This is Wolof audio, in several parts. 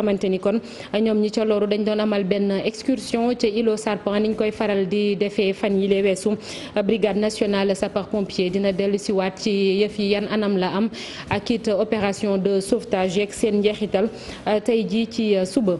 xamante ni kon ñoom ñi ca loru dañ doon amal benn excursion ca ilo Sarpan ni ñu koy faral di defee fan yi lee weesu brigade nationale sapeur pompier dina dellu siwaat ci yëf yi yan anam la am ak it opération de sauvetage yeeg seen njeexital tey ji ci euh, suba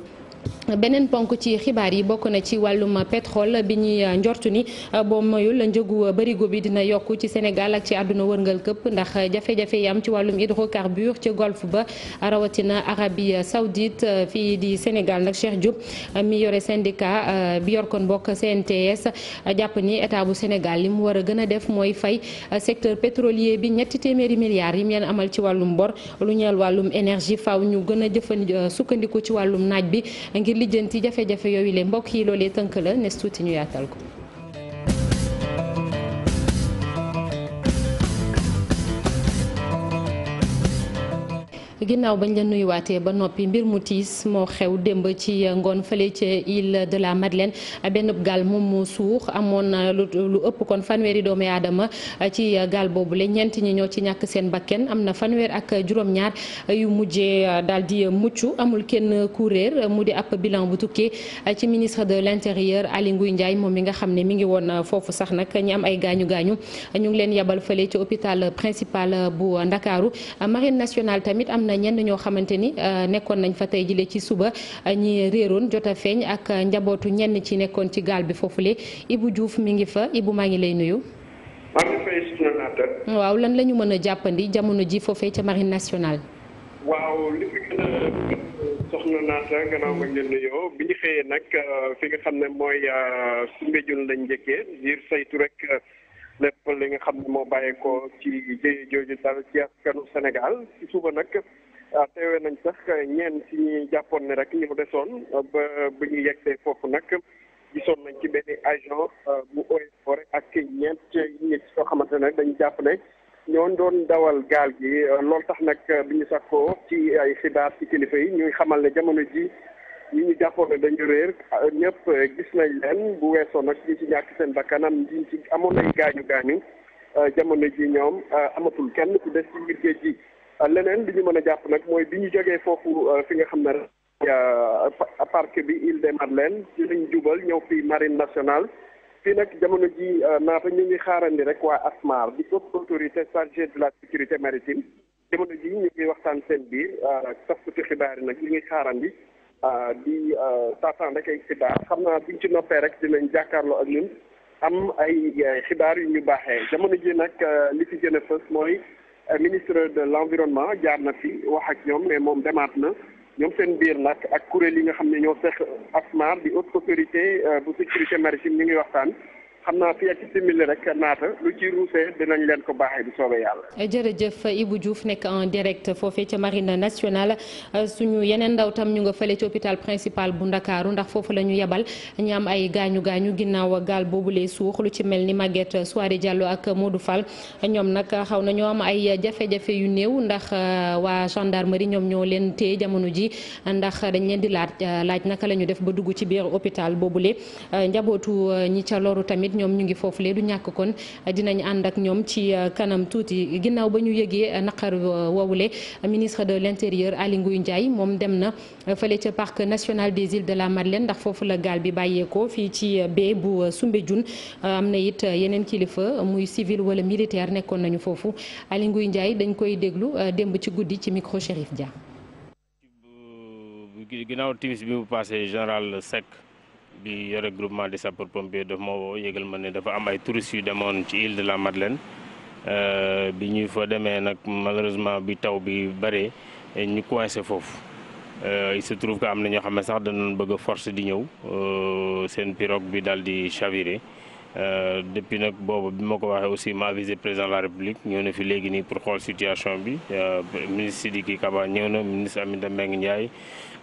beneen ponk ci xibaar yi bokk na ci wàllum pétrole bi ñuy euh, njortu ni euh, boo moyul njëgu euh, barigo bi dina yokk ci Sénégal ak ci àdduna wërngal këpp ndax jafe-jafe yi am ci wàllum hydrocarbure ci golfe ba rawatina Arabie Saoudite fii di Sénégal nag Cheikh Diop mi yore syndicat bi yor kon bokk CNTS jàpp ni état bu Sénégal li mu war a gën a def mooy fay secteur pétrolier bi ñetti téeméeri milliards yi mu amal ci wàllum bor lu ñeel wàllum énergie faaw ñu gën a jëfandikoo sukkandiku ci wàllum naaj bi lijjanti jafe-jafe yooyu le mbokk yi loolee tënk la nes tuuti ñu yaatal ko ginnaaw bañ la nuyuwaatee ba noppi mbir mu tiis moo xew démb ci ngoon fële ca île de la Madeleine benn gaal moom moo suux amoon lu ëpp kon fanweeri doomi aadama ci gaal boobu la ñeent ñi ñoo ci ñàkk seen bakken am na fanweer ak juróom-ñaar yu mujjee dal di mucc amul kenn ku mu di ab bilan bu tukkee ci ministre de l'intérieur Aly Ngouille Ndiaye moom mi nga xam ne mi ngi woon foofu sax nag ñi am ay gaañu gaañu ñu ngi leen yabal fële ci hôpital principal bu Ndakaaru na ñenn ñoo xamante ni euh, nekkoon nañ fa tey jile ci suba euh, ñi réeroon jot a feeñ ak njabootu ñenn ci nekkoon ci gaal bi foofule Ibou Diouf mi ngi fa Ibou maa ngi lay nuyu. waaw lan la ñu mën a jàppandi jamono ji foofee ca marine nationale. waaw li fi gën a soxna naata gannaaw ma ngeen nuyoo bi ñu xëyee nag euh, fi nga xam ne mooy Soumbédioune lañ njëkkee ngir saytu rek. lépp li nga xam ne moo bàyyeekoo ci jëye jooju dal ci askanu Sénégal ci suba nag ah, teewe nañ sax ñeen ci ñi jàppoon ne rek ñoo desoon ba bu ñu yegsee foofu nag soon nañ ci benn agent ah, bu Eaux et Forêts ak ñeent nit soo xamante ne dañ jàpp ne ñoon doon dawal gaal gi loolu tax nag bi ñu sakkoo ci ay xibaar ci kilifa yi ñuy xamal ne jamono ji ñi ñu jàppoon ne dañu réer ñëpp gis nañ leen bu weesoon nag ñu ci ñàkk seen bakkanam ñu ci amoon ay gaañu gaañu jamono ji ñoom amatul kenn ku def ci biir géej gi leneen li ñu mën a jàpp nag mooy bi ñu jogee foofu fi nga xam ne euh, parc bi Île des Madeleines ci lañ jubal ñëw fii marine nationale fii nag jamono ji euh, naata ñu ngi xaarandi rek waa ASMAR di ëpp autorité chargée de la sécurité maritime jamono ji ñu ngi waxtaan seen biir euh, taskati xibaar yi nag ñu ngi xaarandi Euh, di euh, taataan rek ay xibaar xam naa buñ ci noppee rek dinañ jàkkaarloo ak ñun am ay euh, xibaar yu ñu baaxee jamono ji nag li fi gën a fës mooy ministre de l'environnement jaar na fi wax ak ñoom mais moom demaat na ñoom seen biir nag ak kuréel yi nga xam ne ñoo seq ASMAR di haute autorité bu sécurité maritime ñu ngi waxtaan. xam naa fi ak simili rek naata lu ci ruusee dinañ leen ko baaxee bu soobee yàlla. jërëjëf ibu Diouf nekk en direct foofee ca marine nationale suñu yeneen ndaw tam ñu nga fële ci hôpital principal bu ndakaaru ndax foofu la ñu yebal ñu am ay gaañu gaañu ginnaaw gaal boobulee suux lu ci mel ni Maguette Souare Diallo ak Modou Fall ñoom nag xaw na ñoo am ay jafe-jafe yu néew ndax euh, waa gendarmerie ñoom ñoo leen téye jamono ji ndax dañ leen di laaj euh, laaj naka la ñu def ba dugg ci biir hôpital boobule euh, njabootu ñi ca loru tamit. tamit ñoom ñu ngi foofu lee du ñàkk kon dinañ ànd ak ñoom ci euh, kanam tuuti ginnaaw ba ñu yëgee euh, naqar euh, wowule ministre de l'intérieur Aly Ngouille Ndiaye moom dem na fële ca parc national des îles de la Madeleine ndax foofu la gaal bi bàyyeekoo fii ci baie bu Soumbédioune am na it yeneen kilifa muy civil wala militaire nekkoon nañu foofu Aly Ngouille Ndiaye dañ koy déglu démb ci guddi ci micro Chérif Dia. ginnaaw bi yore groupement de sapor pompiers daf moo woo yëgal ma ne dafa am ay touristes yu demoon ci île de la Madeleine euh, bi ñuy fa demee nag malheureusement bi taw bi bëree ñu coincé foofu euh, il se trouve que am na ñoo xam ne sax danoon bëgg force di ñëw euh, seen pirogue bi daal di chaviré depuis nag boobu bi ma ko waxee aussi ma avisé président de la république ñëw na fi léegi nii pour xool situation bi ministre Sidiki Kaba ñëw na ministre Aminata Mbengue Ndiaye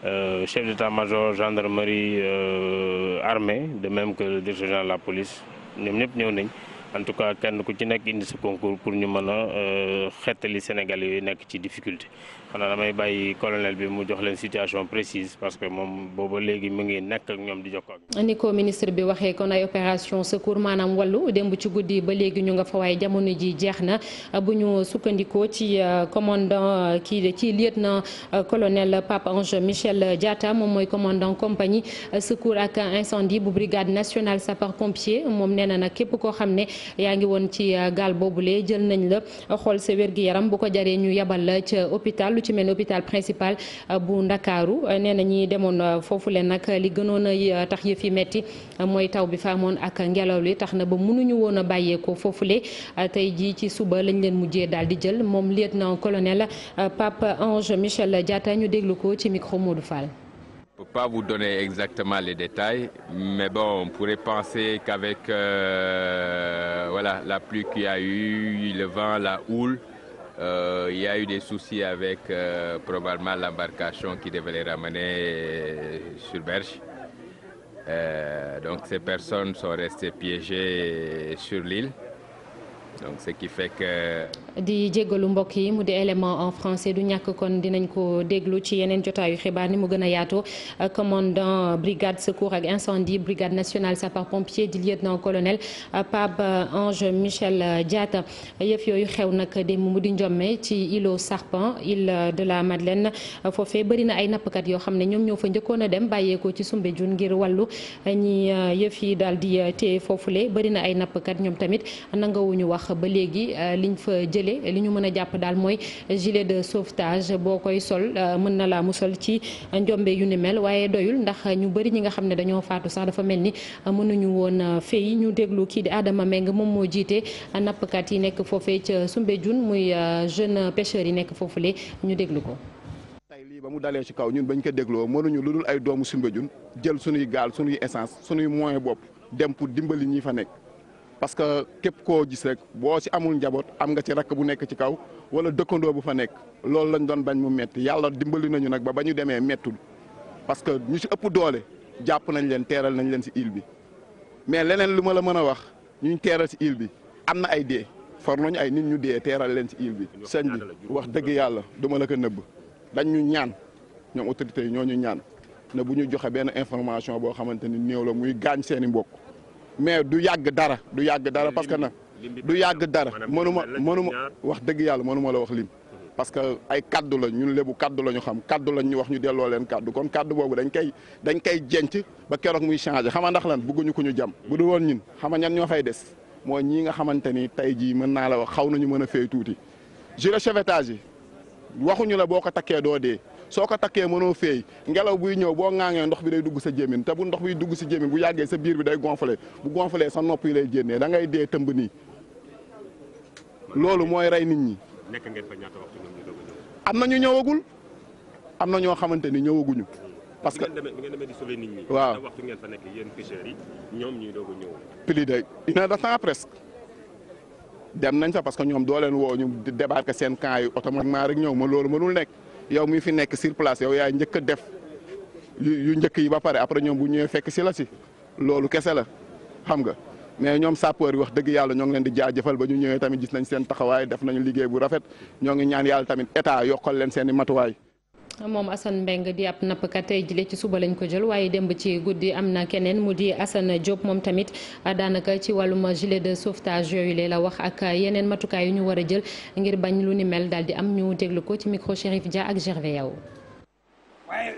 Euh, chef d'état-major gendarmerie euh, armée de même que le directeur général la police ñoom ñëpp ñëw nañ en tout cas kenn ku ci nekk indi sa concours pour ñu mën a euh, xettali Sénégal yooyu nekk ci difficulté xanaa damay bàyyi colonel bi mu jox leen situation précise parce que moom booba léegi mu ngi nekk ak ñoom di jokkoo ak. ni ko ministre bi waxee kon ay opération secours maanaam wàllu démb ci guddi ba léegi ñu nga fa waaye jamono ji jeex na bu ñu sukkandikoo ci euh, commandant euh, kii ci lieutenant colonel Pape Ange Michel Diatta moom mooy commandant compagnie secours ak incendie bu brigade nationale sapeur pompier moom nee na nag képp koo xam ne. yaa ngi woon ci euh, gaal boobu boobule jël nañ la xool sa wér gi yaram bu ko jaree ñu yebal la ca hôpital lu ci mel ni hôpital principal euh, bu ndakaaru nee na ñi demoon euh, foofu leen nag li gënoon a tax yëf yi metti mooy taw bi fa amoon ak ngelaw li tax na ba mënuñu woon a foofu foofule tey jii ci suba lañ leen mujjee daal di jël moom léet lieutenant colonel Pape Ange Michel Diatta ñu déglu ko ci micro Modou Fall. ne peux pas vous donner exactement les détails, mais bon, on pourrait penser qu'avec euh, voilà, la pluie qu'il y a eu, le vent, la houle, euh, il y a eu des soucis avec euh, probablement l'embarcation qui devait les ramener euh, sur Berge. Euh, donc ces personnes sont restées piégées sur l'île. donc ce qui fait que. di jéggalu mbokk yi mu di élément en français du ñàkk kon dinañ ko déglu ci yeneen jotaayu xibaar ni mu gën a yaatoo commandant brigade secours ak incendie brigade nationale sapeur pompier di lieutenant colonel Pape Ange Michel jaata yëf yooyu xew nag démb mu di njomme ci îlot Serpent île de la Madeleine foofee bëri na ay nappkat yoo xam ne ñoom ñoo fa njëkkoon a dem bàyyeekoo ci Soumbédioune ngir wàllu ñi yëf yi daal di téye foofule na ay nappkat ñoom tamit nangawuñu wax. tax ba léegi euh, liñ fa jëlee li ñu mën a jàpp daal mooy gilet de sauvetage boo koy sol euh, mën na laa sol ci njombe yu ni mel waaye doyul ndax ñu bari ñi nga xam ne dañoo faatu sax dafa mel ni euh, mënuñu woon fay ñu déglu kii di Adama Meng moom moo jiite nappkat yi nekk foofee ca Soumbédioune muy jeune pêcheurs yi nekk foofule ñu déglu ko. tey lii ba mu dalee ci kaw ñun bañ ko dégloo mënuñu lu dul ay doomu Soumbédioune jël sunuy gaal sunuy essence sunuy moyen bopp dem pour dimbali ñi fa nekk. parce que képp koo gis rek boo si amul njaboot am nga ci rakk bu nekk ci kaw wala dëkkandoo bu fa nekk loolu lañ doon bañ mu metti yàlla dimbali nañu nag ba ba ñu demee mettul parce que ñu si ëpp doole jàpp nañ leen teeral nañ leen si île bi mais leneen lu ma la mën a wax ñu teeral si île bi am na ay dee for nañu ay nit ñu dee teeral leen ci île bi sëñ bi wax dëgg yàlla duma a ko nëbb dañu ñu ñaan ñoom autorités yi ñoo ñu ñaan ne bu ñu joxe benn information boo xamante ni néew la muy gaañ seeni mbokk mais du yàgg dara du yàgg dara parce na du yàgg dara mënuma mënuma wax dëgg yàlla mënuma la wax lim mhm. parce que ay kaddu la ñun lébu kaddu la ñu xam kaddu lañ ñu wax ñu delloo leen kaddu kon kaddu boobu dañ koy dañ koy jenc ba keroog muy changé xama ndax lan bëgguñu ko ñu jam mhm. bu du woon ñun xama ñan ñoo fay des mooy ñii nga xamante ni tey jii mën naa la wax xaw na ñu mën a fay tuuti gilet sauvetage yi waxuñu la boo ko takkee doo dee soo ko takkee mënoo féey ngelaw buy ñëw boo ŋaangee ndox bi day dugg sa jémin te bu ndox bi dugg si jémin bu yàggee sa biir bi day gonflé bu gonflé sa nopp yi lay jénnee da ngay dee tëmb nii loolu mooy rey nit ñi. nekk ngeen fa ñaata waxtu ñëwagul am na ñoo xamante ni ñëwaguñu. parce que bi ngeen demee di sauver nit ñi. waaw waxtu ngeen fa nekk yéen pêcheurs yi ñoom ñuy doog a ñëw. plus de une heure de temps presque dem nañ fa parce que ñoom doo leen woo ñu débarquer seen camp oto automatiquement rek ñëw ma loolu mënul nekk. yow mi fi nekk sur place yow yaa njëkk a def yu njëkk yi ba pare après ñoom bu ñëwee fekk si la si loolu kese la xam nga mais ñoom sapeur yi wax dëgg yàlla ñoo ngi leen di jaajëfal ba ñu ñëwee tamit gis nañ seen taxawaay def nañu liggéey bu rafet ñoo ngi ñaan yàlla tamit état yokkal leen seen i matuwaay moom Assane Mbeng di ab nappkat tey jile ci suba lañ ko jël waaye démb ci guddi am na keneen mu di Assane Diop moom tamit daanaka ci wàllum gilet de sauvetage yooyu lee la wax ak yeneen matukaay yu ñu war a jël ngir bañ lu ni mel daal di am ñu déglu ko ci micro Chérif Dia ak Gervais Yaw. waaye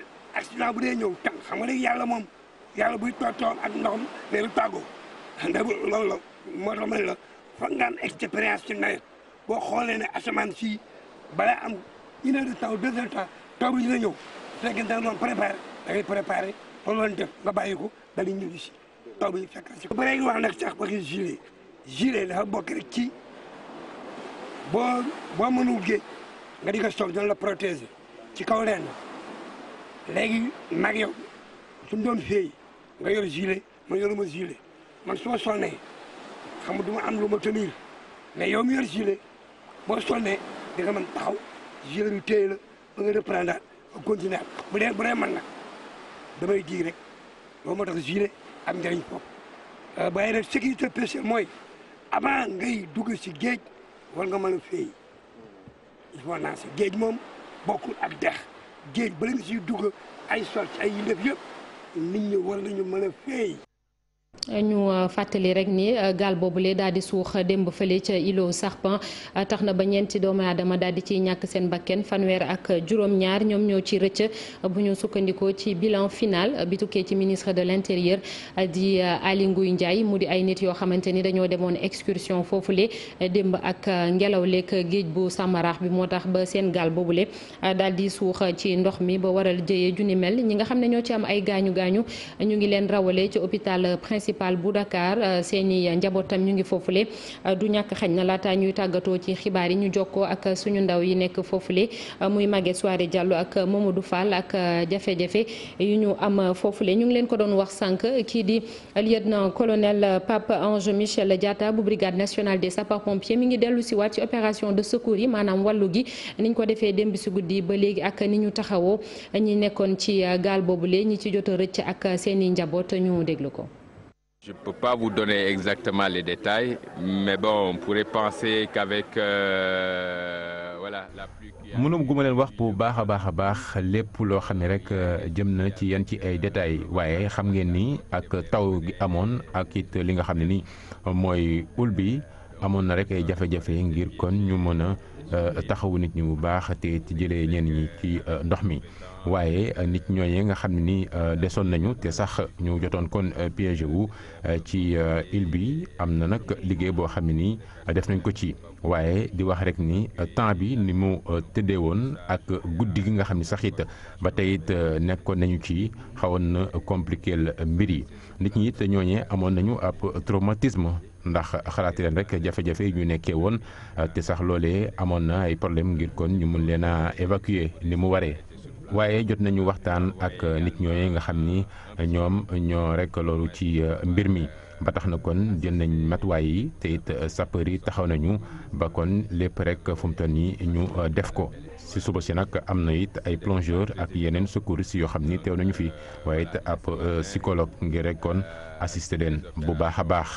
moo tax ma asamaan si balaa am une heure deux heures taw bi dina ñëw su fekkee da nga doon préparé da préparé loolu lañ def nga bàyyi ko da ngay si taw bi fekk si. bu bëree ñu wax nag sax parce que gilet gilet dafa bokk rek ci boo boo mënul géej nga di soog dina la protéger ci kaw leen léegi mag yow suñu doon fee nga yor gilet man yoruma gilet man su ma sonnee xam nga du am lu ma tenir mais yow mi yor gilet boo sonnee di nga mën taxaw gilet bi ba nga reprendre ak continuer bu dee bu dee man nag damay ji rek loolu moo tax juré am njariñ foofu euh, waaye nag sécurité pêcheur mooy avant ngay dugg si géej war nga mën a féey il faut géej moom bokkul ak dex géej bala nga siy dugg ay sorti ay yi def yëpp nit ñi war nañu mën a féey ñu euh, fàttali rek ni euh, gaal boobule daal di suux démb fële ca îlot Serpent euh, tax na ba ñeenti doomu dama daal di ci ñàkk seen bakken fanweer ak juróom-ñaar ñoom ñoo ci rëcc bu ñu sukkandikoo ci bilan final bi tukkee ci ministre de l' intérieur di Aly Ngouille Ndiaye mu di ay nit yoo xamante ni dañoo demoon excursion foofule démb ak ngelaw lekk géej bu sàmmaraax bi moo tax ba seen gaal boobule dal di suux ci ndox mi ba waral jëyee junni mel ñi nga xam ne ñoo ci am ay gaañu gaañu municipal bu Dakar euh, seen i ñu ngi foofule euh, du ñàkk xañ na laata ñuy tàggatoo ci xibaar yi ñu jokkoo ak suñu ndaw yi nekk foofule euh, muy Maguette Soiré Diallo ak Mamadou Fall ak jafe-jafe yu ñu am foofule ñu ngi leen ko doon wax sànq kii di lieutenant colonel Pape Ange Michel Diatta bu brigade nationale des sapeurs pompiers mi ngi dellu si waat ci opération de secours yi maanaam wàllu gi niñ ko defee démb si guddi ba léegi ak ni ñu taxawoo ñi nekkoon ci gaal boobule ñi ci jot a rëcc ak seeni njaboot ñu déglu ko Je ne peux pas vous donner exactement les détails, mais bon, on pourrait penser qu'avec euh, voilà gu ma leen wax bu baax a baax a baax lépp loo xam ne rek euh, jëm na ci yan ci ay détails waaye xam ngeen nii ak taw gi amoon ak it li nga xam ne ni mooy ul bi amoon na rek ay jafe-jafe ngir kon ñu mën a euh, taxawu nit ñi bu baax te ci jëlee ñenn ñi ci euh, ndox mi. waaye euh, nit ñooñee nga xam ni euh, desoon nañu te sax ñu jotoon kon euh, piège wu ci île bi am na nag liggéey boo xam ne nii def nañ ko ci waaye di wax rek ni temps bi ni mu tëddee woon ak guddi gi nga xam ni sax it ba tey it nekkoon nañu ci xawoon na compliqué mbir yi nit ñi it ñooñee amoon nañu ab traumatisme ndax xalaati leen rek jafe-jafe ñu nekkee woon te sax loolee amoon na ay problème ngir kon ñu mun leen a évacuer ni mu waree. waaye jot nañu waxtaan ak uh, nit ñooye nga xam ni uh, ñoom ñoo rek loolu ci uh, mbir mi ba tax na kon jël nañ matuwaay yi te it sapeur yi taxaw nañu ba kon lépp rek fu mu toll nii ñu def ko si suba si nag am na it ay plongeurs ak yeneen secouristes yoo xam ni teew nañu fi waaye it ab psychologue ngir rek kon assister leen bu baax a baax.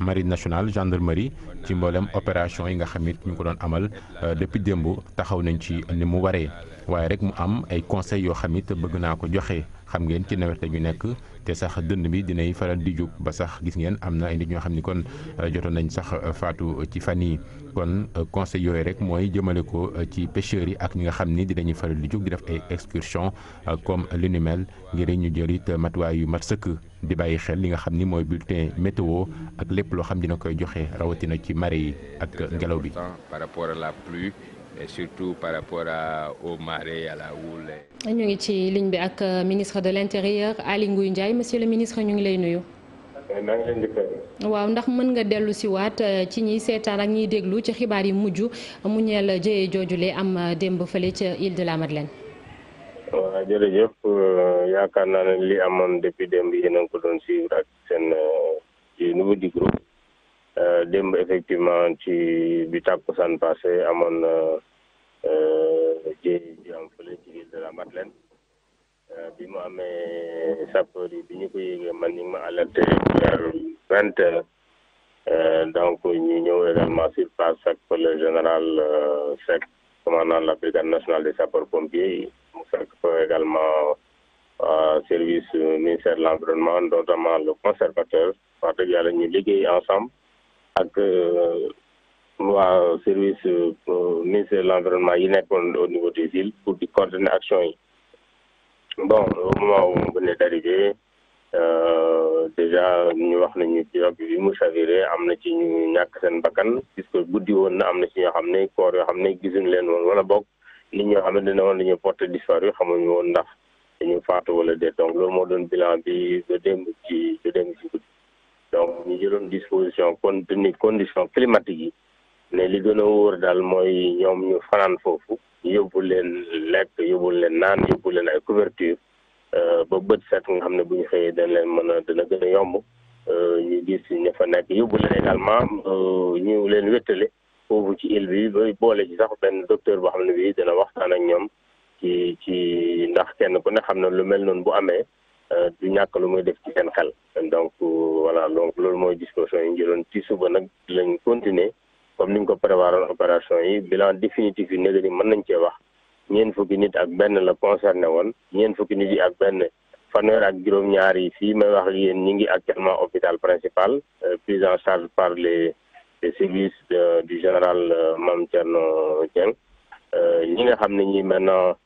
marine nationale gendarmerie ci mboolem opération yi nga xam it ñu ko doon amal depuis démb taxaw nañ ci ni mu waree. waaye rek mu am ay conseils yoo xam it bëgg naa ko joxe xam ngeen ci nawet la ñu nekk te sax dënn bi dinay faral di jóg ba sax gis ngeen am na ay nit ñoo xam ni kon euh, jotoon nañ sax euh, faatu ci fan yi kon euh, conseil yooyu rek mooy jëmale ko ci pêcheurs yi ak ñi nga xam ni dinañu faral di jóg di def ay excursion comme linumel ni mel ngir ñu jëlit matuwaay yu mat sëkk di bàyyi xel li nga xam ni mooy bulletin météo ak lépp loo xam dina koy joxe rawatina ci marée yi ak ngelaw bi par rapport à et surtout par rapport à aux marées à la ñu ngi ci ligne bi ak euh, ministre de l' intérieur Aly Ngouille Ndiaye le ministre ñu ngi lay nuyu. Eh, waaw ndax mën nga dellu si waat euh, ci ñiy seetaan ak ñiy déglu ci xibaar yi mujj euh, mu ñeel jëye joojule am démb fële ca Île de la Madeleine. waaw jërëjëf yaakaar naa ne li amoon depuis démb yéen a ko doon suivre ak seen niveau du groupe. Euh, démb effectivement ci bi tàkkusaan passé amoon na euh, jéey ju am fële de la Madeleine euh, bi mu amee sapeur yi bi ñu ko yéegee man ñu ma alerté vers vingt heures donc ñu ñëw également sur place ak le général Seck commandant la brigade nationale des sapeurs pompiers mu fekk fa également service ministère de l'environnement notamment le conservateur wax dëgg yàlla ñu liggéey ensemble ak euh, waa service euh, ministère de l'environnement yi nekkoon au niveau des îles pour di coordonner action yi bon au moment où on venait d'arriver euh, déjà ñu wax nañu ci rog bi mu chaviré am na ci ñu ñàkk seen bakkan puisque guddi woon na am na ci ñoo xam ne corps yoo xam ne gisuñu leen woon wala bokk nit ñoo xam ne dina woon dañoo porté disparu xamuñu woon ndax dañu faatu wala déet donc loolu moo doon bilan bi ba démb ci ba démb ci guddi donc ñu jëloon disposition kon ni condition climatique yi ne li gën a wóor daal mooy ñoom ñu fanaan foofu yóbbu leen lekk yóbbu leen naan yóbbu leen ay couverture euh, ba bët set nga xam ne bu ñu xëyee dañ leen mën a dana gën a yomb euh, ñu gis ña fa nekk yóbbu leen également euh, ñu leen wéttale foofu ci île bi ba boole ci sax benn docteur boo xam ne bii dana waxtaan ak ñoom ci ci ndax kenn ku ne xam ne lu mel noonu bu amee Euh, du ñàkk lu muy def ci seen xel donc euh, voilà donc loolu mooy disposition yi njëloon ci suba nag lañ continuer comme ni ñu ko prévoir opération yi bilan définitif yi négé mën nañ cee wax ñeent fukki nit ak benn la concerné woon ñeen fukki nit yi ak benn fanweer ak juróom-ñaar yi fii may wax yéen ñi ngi actuellement hôpital principal euh, prise en charge par le les du général Mame Thierno Dieng ñi nga xam ne ñi maintenant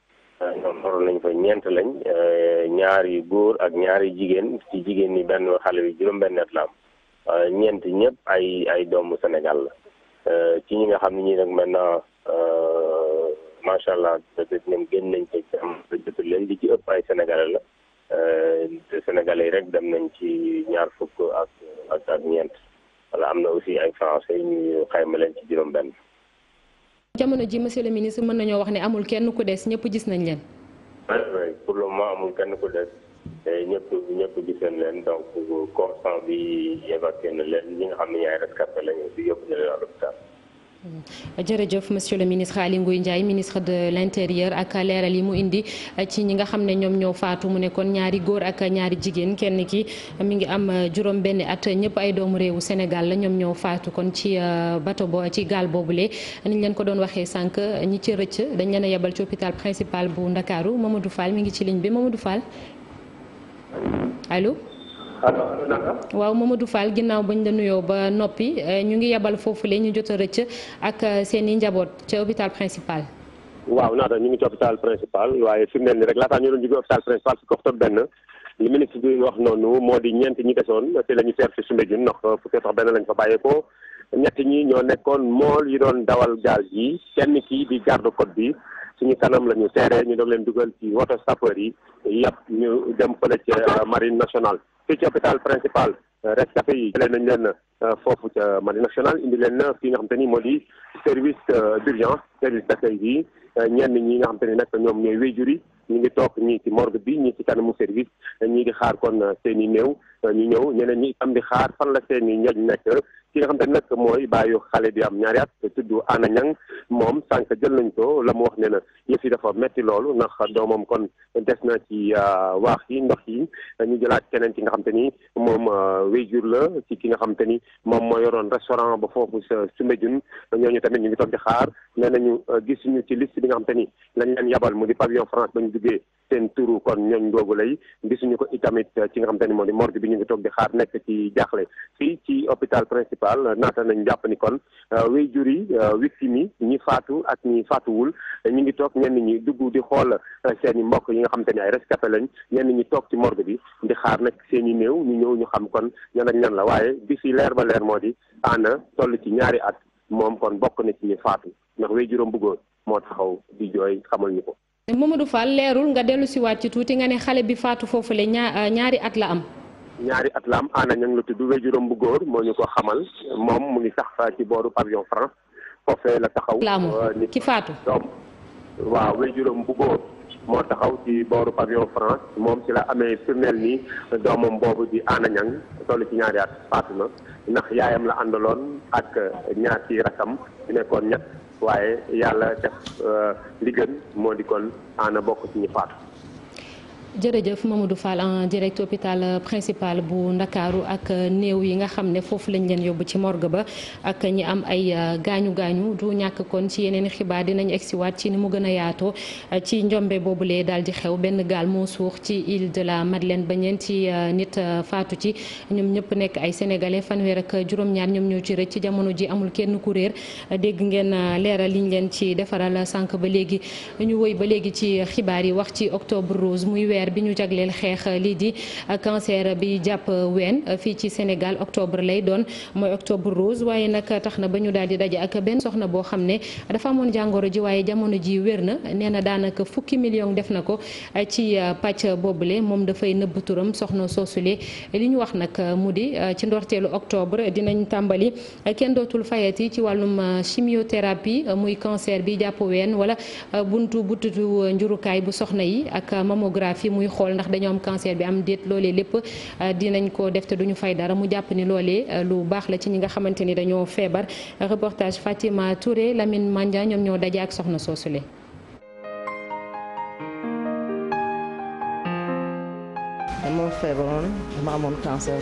Euh, ñoom nañ fa ñeent lañ euh, ñaar yu góor ak ñaari jigéen ci jigéen ñi benn xale bi juróom-benn at la am euh, ñeent ñëpp ay ay doomu Sénégal la ci ñi nga xam ne ñi nag maintenant macha allah peut-être génn nañ ci am leen di ci ëpp ay sénégalais la te sénégalais yi rek dem nañ ci ñaar fukk ak ak ñeent wala am na aussi ay français ñu xayma leen ci juróom-benn. jamono ji monsieur le ministre mën nañoo wax ne amul kenn ku des ñëpp gis nañ leen. pour le moment amul kenn ku des te ñëpp ñëpp gis nañ leen donc constat bi évacué na leen ñi nga xam ne ay rescapé lañu si yóbbu na leen à l'hôpital Mm. jërëjëf monsieur le ministre Aly Ngouille Ndiaye ministre de l'intérieur ak leeral yi mu indi ci ñi nga xam ne ñoom ñoo faatu mu nekkoon ñaari góor ak ñaari jigéen kenn ki mi ngi am juróom benn at ñëpp ay doomu réewu Sénégal la ñoom ñoo faatu kon ci euh, bato bo ci gaal boobu le niñ leen ko doon waxee sànq ñi ci rëcc dañ leen a yebal ci hôpital principal bu Ndakaaru Mamadou Fall mi ngi ci ligne bi ma Fall allo waaw Mamadou Fall ginnaaw bañ la nuyoo ba noppi eh, ñu ngi yebal foofu le ñu jot a rëcc ak eh, seen i njaboot ca hôpital principal. waaw naata ñu ngi ci hôpital principal waaye fi mu ne nii rek laataa ñu doon jógee hôpital principal fukki waxtu benn li ministre bi wax noonu moo di ñeent ñi desoon te la ñu seet si Soumbédioune ndax fukki waxtu benn lañ fa bàyyeekoo ñett ñi ñoo nekkoon mool yi doon dawal gaal gi kenn kii di garde côte bi. suñu kanam la ñu seeree ñu doon leen dugal ci woto sapeur yi yàpp ñu dem fële ca euh, marine nationale fii ci hôpital principal euh, rescapé yi jëlee nañ leen euh, foofu ca marine nationale indi leen na fii nga xam te ni moo di service d'urgence service d'accueil yi ñenn ñi nga xam ni nag ñoom ñooy wéyjur yi ñu ngi toog ñii ci morgue bi ñii ci kanamu service ñii di xaar kon seen i néew ñu ñëw ñeneen ñi itam di xaar fan la seen i ñoñ nekk ki nga xam te nag mooy bàyyi xale bi am ñaari at tudd Ana Ñang moom sànq jël nañ ko la mu wax ne na yëf yi dafa metti loolu ndax doomam kon des na ci euh, waax yi ndox yi ñu jëlaat keneen ci nga xam ni moom euh, wéyjur la ci ki nga xam te ni moom moo yoroon restaurant ba foofu sa Soumbédioune ñooñu tamit ñu ngi toog di xaar nee nañu euh, gisuñu ci liste bi nga xam te ni lañ leen yabal mu di pavillon France ba ñu duggee seen turu kon ñooñ googu lay gisuñu ko itamit ci nga xam te ni moo di morgue bi ñu ngi toog di xaar nekk ci jaaxle fii ci hôpital principal euh, naata nañ jàpp ni kon euh, wéy jur yi euh, victime yi ñi faatu ak ñi faatuwul ñu ngi toog ñenn ñi dugg di xool seen i mbokk yi nga xam te ni ay rescapé lañ ñenn ñi toog ci morgo bi di xaar nag seen i néew ñu ñëw ñu xam kon ñan ak ñan la waaye bi si leer ba leer moo di ana toll ci ñaari at moom kon bokk na ci ñi faatu ndax wéy juróom bu góor moo taxaw di jooy xamal ñu ko Mamadou Fall leerul nga dellu siwaat ci tuuti nga ne xale bi faatu foofule ñaar euh, ñaari at la am. ñaari at la am ana ña la tudd wéjuram bu góor moo ñu ko xamal moom mu ngi sax ci booru pavillon France foofee la taxaw. la amoon euh, ki faatu doom waaw wéjuram bu moo taxaw ci booru pavillon France moom ci la amee firndeel ni doomam boobu di Anna Niang toll ci ñaari at faatu na ndax yaayam la àndaloon ak ñaar ci rakam nekkoon ñett. waaye yàlla def euh, li gën moo di kon ana bokk ci ñu faatu jërëjëf Mamadou Fall en direct hôpital principal bu Ndakaaru ak néew yi nga xam ne foofu lañ leen yóbbu ci morgo ba ak ñi am ay euh, gaañu gaañu du ñàkk kon ci yeneen xibaar dinañ egsiwaat ci ni mu gën a yaatoo euh, ci njombe boobulee daal di xew benn gaal moo suux ci île de la leen ba ñeenti euh, nit faatu ci ñoom ñëpp nekk ay sénégalais fanweer ak juróom-ñaar ñoom ñoo ci rëcc ci jamono ji amul kenn ku réer dégg ngeen leeral liñ leen ci defaral sànq ba léegi ba léegi ci xibaar yi wax ci octobre weer bi ñu jagleel xeex lii di cancer bi jàpp ween fii ci Sénégal octobre lay doon mooy octobre rose waaye nag tax na ba ñu daal di daje ak benn soxna boo xam ne dafa amoon jàngoro ji waaye jamono ji wér na nee na daanaka fukki million def na ko ci euh, pàcc boobule moom dafay nëbb turam soxna soosule li ñu wax nag mu di euh, ci ndorteelu octobre dinañ tàmbali euh, kenn dootul fayati ci wàllum chimiothérapie muy cancer bi jàpp ween wala buntu bututu njurukaay ci muy xool ndax dañoo am cancer bi am déet loole lépp euh, dinañ ko def te duñu fay dara mu jàpp ni loolee euh, lu baax la ci ñi nga xamante ni dañoo feebar reportage Fatima Touré Lamine Mandia ñoom ñoo daje ak soxna soosule dama feebaroon dama amoon cancer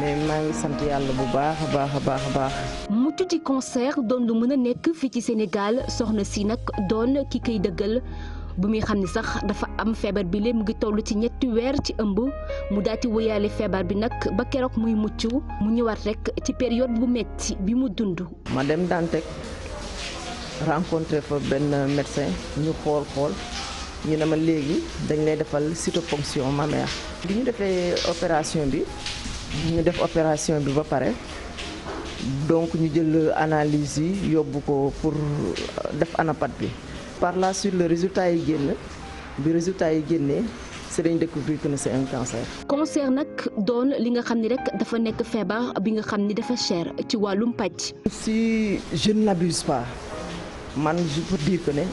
maa ngi sant yàlla bu baax a baax a baax a baax. mu tuuti cancer doon lu mën a nekk fii ci Sénégal soxna si nag doon ki koy dëggal. bi muy xam ni sax dafa am feebar bi lépp mu ngi toll ci ñetti weer ci ëmb mu daal di feebar bi nag ba keroog muy mucc mu ñëwaat rek ci période bu metti bi mu dund. ma dem Dantec rencontré fa benn médecin ñu xool xool ñu ne ma léegi dañ lay defal cytoponction mammaire. bi ñu defee opération bi ñu def opération bi ba pare. donc ñu jël analyse yi yóbbu ko pour def anapat bi par la suite le résultat yi génn bi résultat yi génnee si lañ découvrir que ne c'est un cancer. cancer nag doon li nga xam ni rek dafa nekk feebar bi nga xam ni dafa cher ci wàllum pàcc. si je n'abuse pas man je peux dire que ne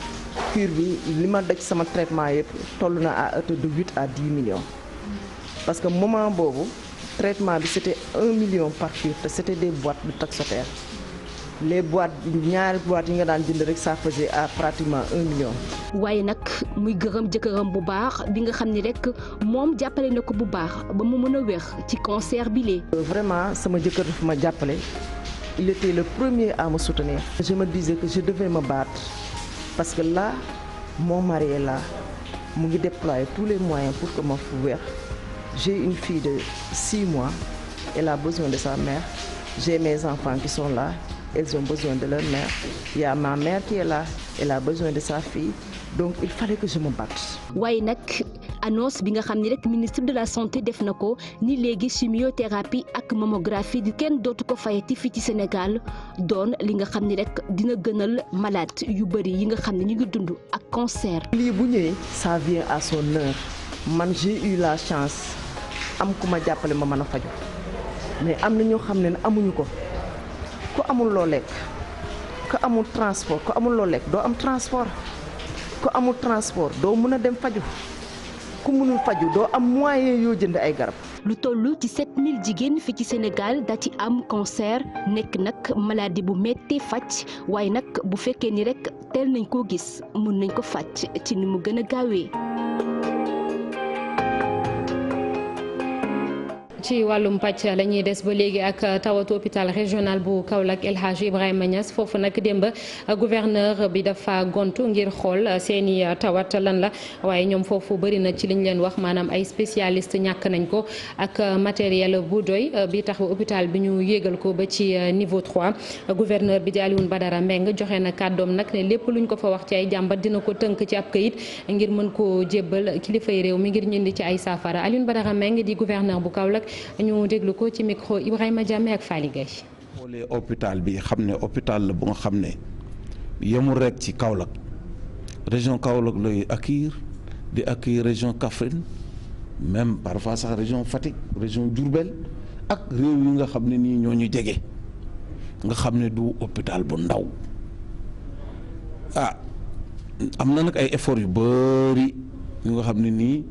cure bi li ma daj sama traitement yëpp toll na à hauteur de huit à dix millions parce que moment boobu traitement bi c'était un million par cure te c'était des boîtes de taxotère. le boîtes ñaari boîtes yi nga daan jënd rek sa faisait à pratiquement un million. waaye nag muy gërëm jëkkëram bu baax bi nga xam ni rek moom jàppale na ko bu baax ba mu mën a wér ci concert bi lee. Euh, vraiment sama jëkkër dafa ma jàppale il était le premier à me soutenir. je me disais que je devais me battre parce que là moo marie est là mu ngi déployer tous les moyens pour que ma fu wér j'ai une fille de six mois et la besoin de sa mère j'ai mes enfants qui sont là. elles ont besoin de leur mère. Il y a ma mère qui est là, besoin de sa fille. donc il fallait que je me waaye nag annonce bi nga xam ni rek ministre de la santé def na ko ni léegi chimiothérapie ak mammographie di kenn dootu ko fayati fii ci Sénégal doon li nga xam ni rek dina gënal malade yu bëri yi nga xam ne ñu ngi dund ak cancer. lii bu ñëwee ça vient à son heure man j'ai eu la chance am ku ma jàppale ma mën a faju mais am na ñoo xam ne amuñu ko. ku amul loo lekk ku amul transport ku amul loo lekk doo am transport ku amul transport doo mën a dem faju ku mënul faju doo am moyen yoo jënd ay garab. lu toll ci 7000 jigéen fi ci Sénégal da ci am cancer nekk nag maladie bu metti faj waaye nag bu fekkee ni rek teel nañ koo gis mën nañ ko faj ci ni mu gën a gaawee. ci wàllum pàcc la ñuy des ba léegi ak tawatu hôpital régional bu Kaolack El Hadj Ibrahima foofu nag démb gouverneur bi dafa gontu ngir xool seeni tawat lan la waaye ñoom foofu bëri na ci liñ leen wax maanaam ay spécialiste ñàkk nañ ko ak matériel bu doy bi tax hôpital bi ñu yéegal ko ba ci niveau 3 gouverneur bi di Alioune Badara Mbengue joxe na kàddoom nag ne lépp luñ ko fa wax ci ay jàmbat dina ko tënk ci ab kayit ngir mën ko jébbal kilifay réew mi ngir ñu indi ci ay saafara Alioune Badara Mbengue di gouverneur bu Kaolack ñu déglu ko ci micro Ibrahima Diame ak Faly Gaye hôpital bi xam ne hôpital la bu nga xam ne yemul rek ci Kaolack région Kaolack lay accueillir di accueillir région kafrin même parfois sax région Fatick région Diourbel ak réew yi nga xam ne nii ñoo ñu jege nga xam ne du hôpital bu ndaw ah, am na nag ay effort yu bari yu nga xam ne nii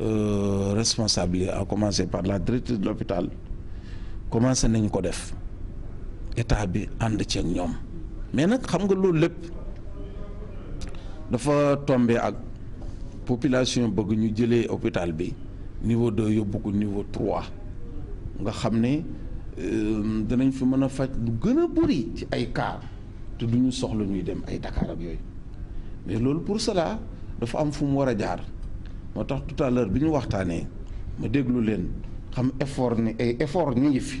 Euh, responsable yi à commencer par la directrice de l'hôpital commencé nañ ko def état bi ànd ci ñoom mais nag xam nga loolu lépp dafa tombe ak population bëgg ñu jëlee hôpital bi niveau de yóbbu ko niveau trois nga xam ne euh, danañ fi mën a faj lu gën a bëri ci ay cas te duñu soxla ñuy dem ay Dakar ak yooyu mais loolu pour cela dafa am fu mu war a jaar. moo tax tout bi ñu waxtaanee ma déglu leen xam effort ni ay effort ñu ngi fi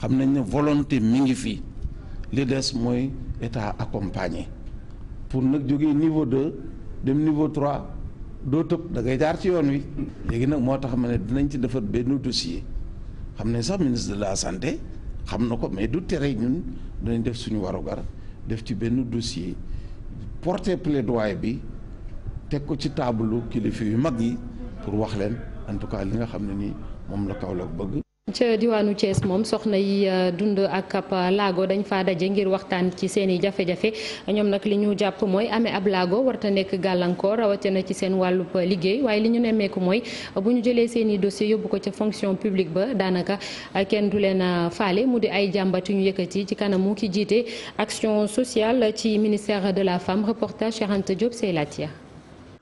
xam nañ ne volonté mi ngi fi li des mooy état accompagné pour nag jógee niveau deux dem niveau trois doo tëb da ngay jaar ci yoon wi. léegi nag moo tax ma ne dinañ ci defar benn dossier xam ne sax ministre de la santé xam na ko mais du tere ñun dañ def suñu warugar def ci benn dossier porter plaidoyer bi. teg ko ci taabalu kilifa yu mag yi pour wax leen en li nga xam ne nii moom la Kaolack bëgg. ca diwaanu cees moom soxna yi euh, dund ak ab laago dañ faa daje ngir waxtaan ci seen i jafe-jafe ñoom nag li ñu jàpp mooy amee ab laago warta nekk gàllankoor na ci seen wàllub liggéey waaye li ñu nemmeeku mooy bu ñu jëlee seen i dossier yóbbu ko ca fonction publique ba daanaka kenn du leen euh, faale mu di ay jàmbat yu ñu yëkkati ci kanamu ki jiite action sociale ci ministère de la femme reportage Cheikh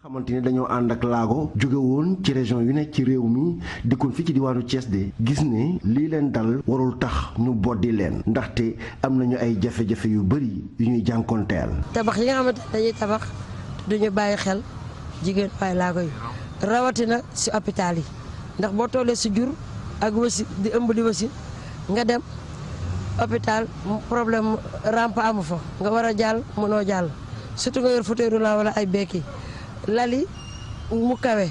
xamante ni dañoo ànd ak laago jóge woon ci région yu nekk ci réew mi dikkoon fii ci diwaanu cees de gis ne lii leen dal warul tax ñu boddi leen ndaxte am nañu ay jafe-jafe yu bëri yu ñuy jànkoon jànkonteel. tabax yi nga xamante ne dañuy tabax duñu bàyyi xel jigéen waaye laago yi rawatina si hôpital yi ndax boo tollee si jur ak wasi di ëmb di wasi nga dem. hôpital problème rampe amu fa nga war a jàll mënoo jàll surtout nga yor fauteuil roulant wala ay béquille lali mu kawe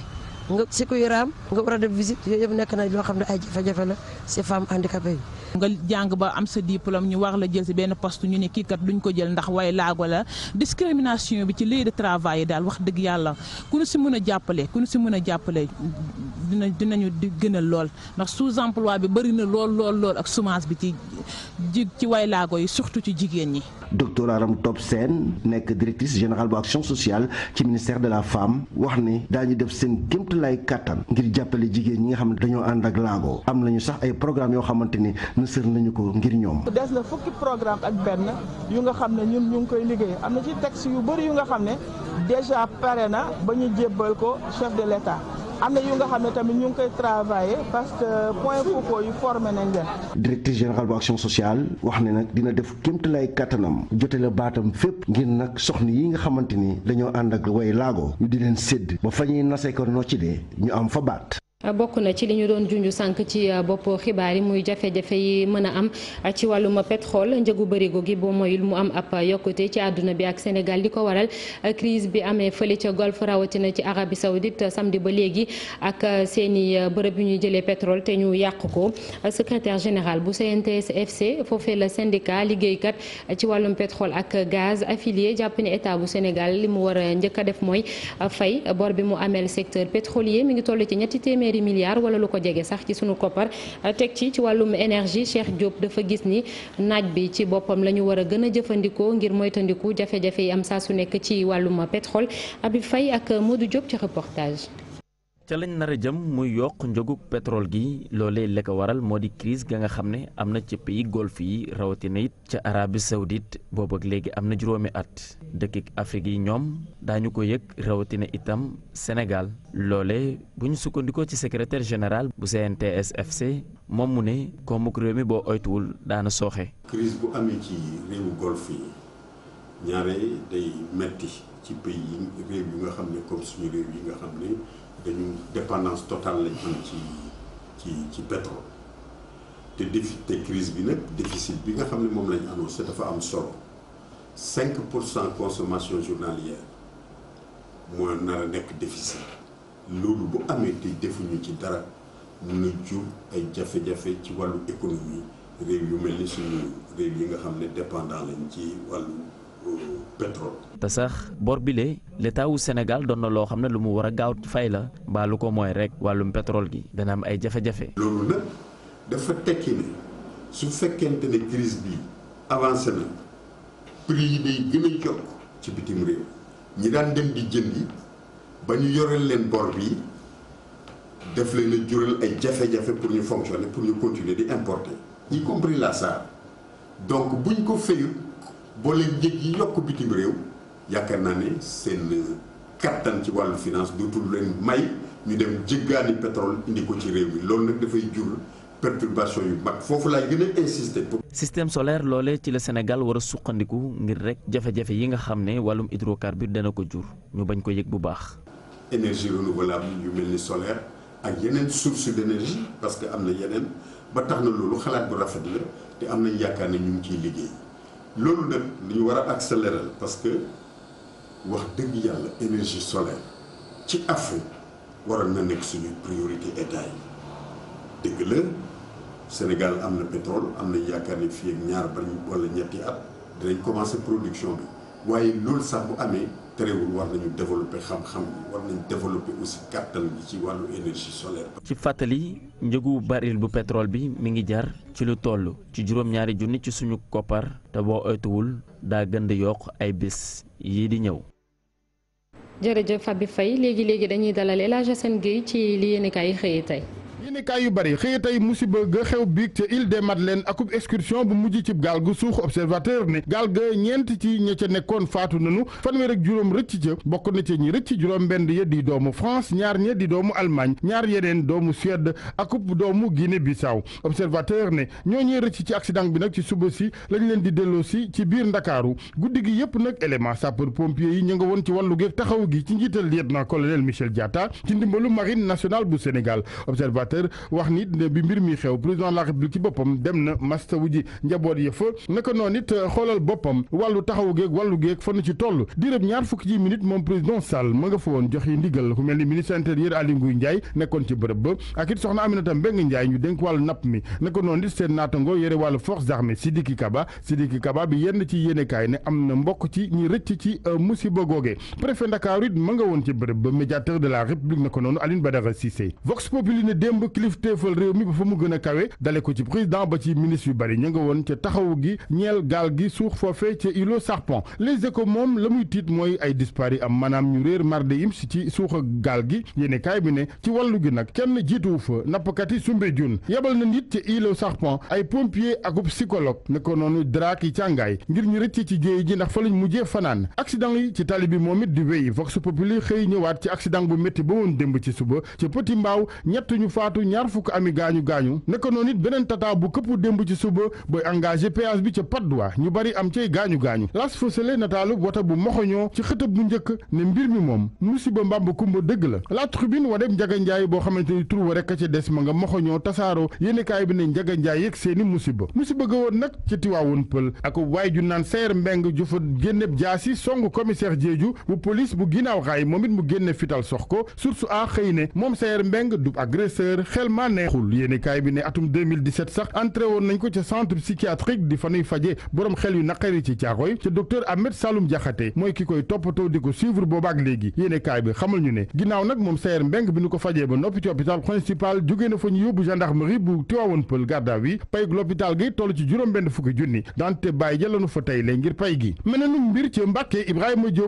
nga si kuy raam nga war a def visite yooyu yëpp nekk na loo xam ne ay jafe-jafe la si femme handicapée yi. nga jàng ba am sa diplôme ñu wax la jël si benn poste ñu ne kii kat duñ ko jël ndax way laago la discrimination bi ci lieu de travail daal wax dëgg yàlla ku si mën a jàppale ku si mën a jàppale dina dinañu di gënal lool ndax sous emploi bi bëri na lool lool lool ak chômage bi ci ci way laago yi surtout ci jigéen ñi. docteur Aram Top Sène nekk directrice générale bu action sociale ci ministère de la femme wax ne daañu def seen kéemtalaay kàttan ngir jàppale jigéen ñi nga xam ne dañoo ànd ak laago am nañu sax ay programme yoo xamante ni nësër nañu ko ngir ñoom. des na fukki programme ak benn yu nga xam ne ñun ñu ngi koy liggéey am na ci texte yu bëri yu nga xam ne déjà pare na ba ñu jébbal ko chef de l'État. am na yu nga xam tamit ñu ngi koy travailler parce que point focaux yu formé nañ leen. directeur général bu action sociale wax ne nag dina def kéemtalaay kattanam jote la baatam fépp ngir nag soxna yi nga xamante ni dañoo ànd ak way laago ñu di leen sedd ba fa ñuy nasee ko nocci de ñu am fa baat. bokk na ci li ñu doon junj sànq ci euh, bopp xibaar yi muy jafe-jafe yi mën a am euh, ci wàllum pétrole njëgu bërigo gi boo moyul mu am ab yokkute ci àdduna bi ak Sénégal li ko waral euh, crise bi amee fële ca golfe rawatina ci arabi Saoudite samdi ba léegi ak seeni bërëb yu ñuy jëlee pétrole te ñu yàq ko secrétaire général bu CNTS FC foofee la syndicat liggéeykat ci wàllum pétrole ak gaz affilié jàpp ne état bu Sénégal li mu war a njëkk def mooy fay bor bi mu ameel secteur pétrolier mi ngi toll téeméeri milliards wala lu ko jege sax ci sunu koppar euh, teg ci ci wàllum énergie Cheikh Diop dafa gis ni naaj bi ci boppam la ñu war a gën a jëfandikoo ngir moytandiku jafe-jafe yi am saa su nekk ci wàllum pétrole Habib fay ak Modou Diop ci reportage. ca lañ nar a jëm muy yokk njëgu pétrole gi loolee la ko waral moo di crise ga nga xam ne am na ci pays golf yi rawatina it ca Arabie Saoudite boobu ak léegi am na juróomi at dëkk Afrique yi ñoom daañu ko yëg rawatina itam senegal loolee bu ñu sukkandikoo ci secrétaire général bu CNTS/FC moom mu ne koomuk réew mi boo oytuwul daana sooxe. crise bu amee ci réewu golf yi ñaare day metti ci pays yi réew yi nga xam ne comme suñu réew yi nga xam ne. dañu dépendance totale lañ am ci ci ci pétrole te défi te crise bi nag déficit bi nga xam ne moom lañ se dafa am solo cinq pour cent consommation journalière moo nar a nekk déficit loolu bu amee te defuñu ci dara mun na jur ay jafe-jafe ci wàllu économie réew yu mel ni suñu réew yi nga xam ne dépendant lañ ci wàllu euh, pétrole te sax bor bile l'état wu Sénégal doon na loo xam ne lu mu war a gaaw fay la mbaa lu ko mooy rek wàllum pétrole gi dana am ay jafe-jafe. loolu nag dafa tekki ne su fekkent ne crise bi avancé na prix yi day gën a yokk ci bitim réew ñi daan dem di jëndi ba ñu yoreel leen bor bi def leen a jural ay jafe-jafe pour ñu fonctionner pour ñu continuer di importer y compris la SAR donc buñ ko fayul boo leen yi yokk bitim réew. yaakaar naa ne seen kattan ci wàllu finance dootul leen may ñu dem jéggaani pétrole indi ko ci réew mi loolu nag dafay jur perturbation yu mag foofu laay gën a insister. système solaire loolee ci la Sénégal war a suqandiku ngir rek jafe-jafe yi nga xam ne wàllum hydrocarbure dana ko jur ñu bañ ko yëg bu baax. énergie renouvelable yu mel ni solaire ak yeneen source d'énergie parce que am na yeneen ba tax na loolu xalaat bu rafet la te am nañ yaakaar ne ñu ngi ciy liggéey wax dëgg yàlla énergie solaire ci Afrique waroon na nekk suñu priorité état dëgg la Sénégal am na pétrole am na yaakaar ne fii ak ñaar ba wala ñetti at dinañ commencé production bi waaye loolu sax bu amee terewul war nañu développer xam-xam bi war nañu développer aussi kàttan bi ci wàllu énergie solaire. ci fàttali njëgu baril bu pétrole bi mi ngi jar ci lu toll ci juróom-ñaari junni ci suñu koppar te boo oytuwul daa gën di yokk ay bés yii di ñëw. jërëjëf bi Faye léegi léegi dañuy dalal la Hadj Assane ci li yéen a kaay xëyee tey. yéenekaay yu bari xëy tey musiba ga xew biig ca île des leen akub excursion bu mujj cib gaal gu suux observateur ne gaal ga ñeent ci ña ca nekkoon faatu nanu fanweer ak juróom rëcc ca bokk na ca ñi rëcc juróom benn ya di doomu France ñaar ña di doomu Allemagne ñaar yeneen doomu Suède akub doomu Guinée Bissau observateur ne ñoo ñee rëcc ci accident bi nag ci suba si lañ leen di delloo si ci biir Ndakaaru guddi gi yëpp nag élément sapeur pompier yi ñu nga woon ci wàllu géeg taxaw gi ci njiital lieutenant colonel Michel Diatta ci ndimbalu marine nationale bu Sénégal observateur l'observateur wax nit ne bi mbir mi xew président de la république ci boppam dem na masta wu ji njaboot ya fa naka noonu it euh, xoolal boppam wàllu taxawu géeg wàllu géeg fa na ci toll diirëb ñaar fukki ji minute moom président Sall ma nga fa woon joxe ndigal ku mel ni ministre intérieur Aly Ngouille Ndiaye nekkoon ci bërëb ba ak it soxna Aminata Mbengue Ndiaye ñu dénk wàllu napp mi naka noonu it seen naatango yore wàllu forces armées Sidiki Kaba Sidiki Kaba bi yenn ci yéenekaay euh, ma nga woon ci bërëb ba médiateur de la république naka noonu kilifteefal réew mi ba fa mu gën a kawe dale ko ci président ba ci ministre yu bari ñu nga woon ca taxawu gi ñeel gaal gi suux foofe ca îlot Serpent Les Échos moom la muy tiit mooy ay disparu am maanaam ñu réer marde im si ci suux ak gaal gi yéene kaay bi ne ci wallu gi nag kenn jiituwu fa nappkat yi Soumbédioune yebal na nit ca îlot Serpent ay pompier akub psychologue ne ko noonu draak yi càngaay ngir ñu rëcc ci géej gi ndax fa lañ mujjee fanaan accident yi ci tali bi moom it di wéy vox populi xëy ñëwaat ci accident bu métti ba woon démb ci suba ca faatu ñaar fukk ami gaañu gaañu naka noonu it beneen tata bu këpp démb ci suba bay engagé péage bi ca Padois ñu bari am cay gaañu gaañu las fësale nataalu wata bu moxoñoo ci xëtëb bu njëkk ne mbir mi moom musiba mbàmb kumba dëgg la la tribune wa dem njaga boo xamante ni tur wa rekk a ca des ma nga moxoñoo tasaaroo yéenekaay bi ne njaga njaay yëg seeni musiba musiba ga woon nag ci tiwaawoon pël ak waay ju naan seer mbeng ju fa génneb jaasi song commissaire jeeju bu police a xel maa neexul yéenekaay bi ne atum 2017 sax entré woon nañ ko ca centre psychiatrique di fanuy faje borom xel yu naqari ci caaxooy ca docteur Ahmed Saloum Diakhaté mooy ki koy toppatoo di ko suivre boobaak léegi yéenekaay bi xamal ñu ne ginnaaw nag moom Sayer Mbeng bi ñu ko fajee ba noppi ci hôpital principal jóge na fa ñu yóbbu gendarmerie bu Tivaouane Peulh garde à payug l'hôpital gi toll ci juróom-benn fukki junni dante bàyyi jëlanu fa tey lay ngir pay gi meneenum mbir ci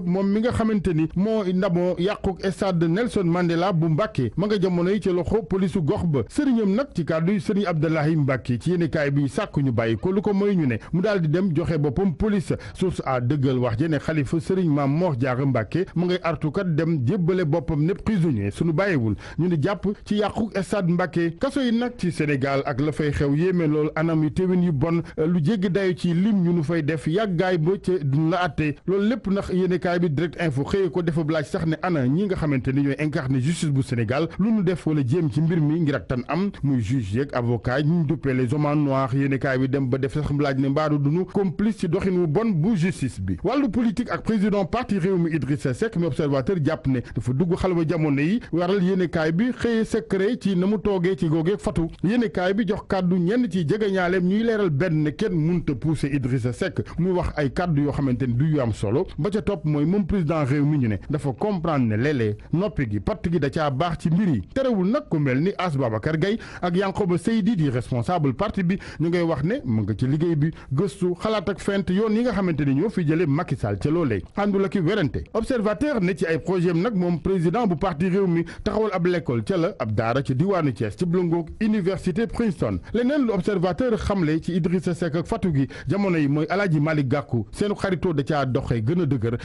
moom mi nga xamante ni moo ndamoo yàquk stade Nelson bu Mbàkke ma nga jamono yi ci loxo polisu gox ba sëriñam nag ci kàddu sëriñ Abdoulahi Mbacke ci yéenekaay bi sàkk ñu bàyyi ko ko moy ñu ne mu daal di dem joxe boppam police source a dëggal wax ji ne xalifa sëriñ maam Mor Diarra Mbacke mu ngay artukat dem jébbale boppam ne prisonnier suñu bàyyiwul ñu ni jàpp ci yàqu stade Mbacke kaso yi nag ci Sénégal ak la fay xew yéeme loolu anam yu téwin yu bon lu jéggi dayu ci lim ñu nu fay def yàggaay ba ca duñ la àtte loolu lépp ndax yéenekaay bi direct info xëye ko defa blaaj sax ne ana ñi nga xamante ni ñooy incarné justice bu Sénégal lu ñu def wala jéem ci mbir mi ngir ak tan am muy juge yeeg avocat yi ñu duppee les hommes noirs yéeni kaay bi dem ba def sax laaj ne mbaadu dunu complice ci doxin wu bon bu justice bi wàllu politique ak président parti réew mi Idrissa Seck mi observateur jàpp ne dafa dugg xalwa jamono yi waral yéeni bi xëye secret ci na mu toogee ci googee fatu yéeni kaay bi jox kàddu ñenn ci jegeñaaleem ñuy leeral benn kenn munta poussé Idrissa Seck muy wax ay kàddu yoo xamante ni du yu am solo ba ca topp mooy moom président réew mi ñu ne dafa comprendre ne léeg-léeg noppi gi da caa baax ci mbir yi Oustaz Babacar Gaye ak Yankoba Seydi di responsable parti bi ñu ngay wax ne mu nga ci liggéey bi gëstu xalaat ak fent yoon yi nga xamante ni ñoo fi jële Macky Sall ca loolee àndul ak i werante observateur ne ci ay projet nag moom président bu parti réew mi taxawal ab l'école ca la ab daara ci diwaanu Thiès ci blongoog université Princeton leneen lu observateur xamle ci Idrissa Seck ak Fatou gi jamono yi mooy Alaaji Malick Gakou seenu xaritoo da caa doxee gën a dëgër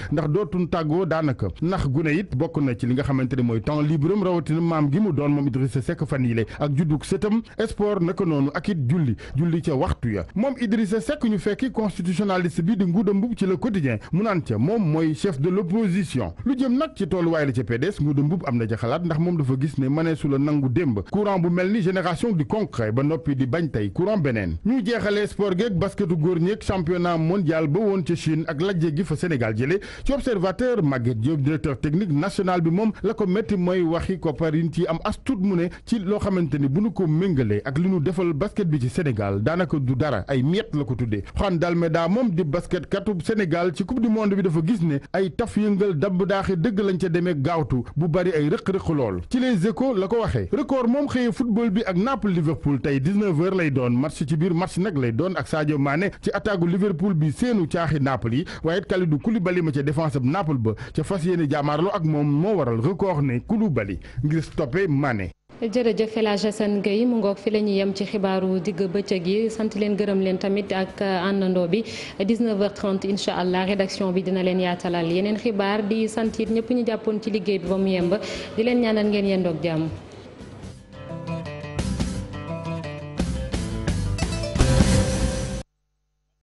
na ci li nga xamante ni mooy temps fan yi ak juddug sëtam sport naka noonu ak it julli julli ca waxtu ya moom Idrissa Seck ñu fekki constitutionnaliste bi di Ngouda Mboup ci le quotidien mu ca moom mooy chef de l'opposition lu jëm nag ci tolluwaay la ca PDS Ngouda Mboup am na ca xalaat ndax moom dafa gis ne mëneesu la nangu démb courant bu mel ni génération du concret ba noppi di bañ tey courant beneen ñu jeexalee sport geeg basketu góor ñeeg championnat mondial ba woon ca Chine ak lajje gi fa Sénégal jële ci observateur bi moom la ko métti mooy waxi koparin ci am loo xamante ni bu nu ko méngalee ak li nu defal basket bi ci Sénégal daanaka du dara ay miette la ko tuddee Juan Dalmeida moom di basket katub Sénégal ci coupe du monde bi dafa gis ne ay taf yëngal dabb daaxe dëgg lañ ca demee gaawtu bu bari ay rëq-rëq lool ci les échos la ko waxee record moom xëyee football bi ak Naples Liverpool tey 19h lay doon match ci biir match nag lay doon ak Sadio Mané ci attaque Liverpool bi seenu caaxi Naples yi waaye Kalidou Koulibaly ma ca défense ab Naples ba ca fas yéene jaamaarloo ak moom moo waral record ne Koulibaly ngir stoppé Mané jërëjëf El Hadj Assane Gueye mu ngoog fi la ñuy yem ci xibaaru digg bëccëg yi sant leen gërëm leen tamit ak euh, àndandoo bi 19h30 incha allah rédaction bi dina leen yaatalal yeneen xibaar di sant it ñëpp ñu jàppoon ci liggéey bi ba mu yemb di leen ñaanal ngeen yendoog jàmm.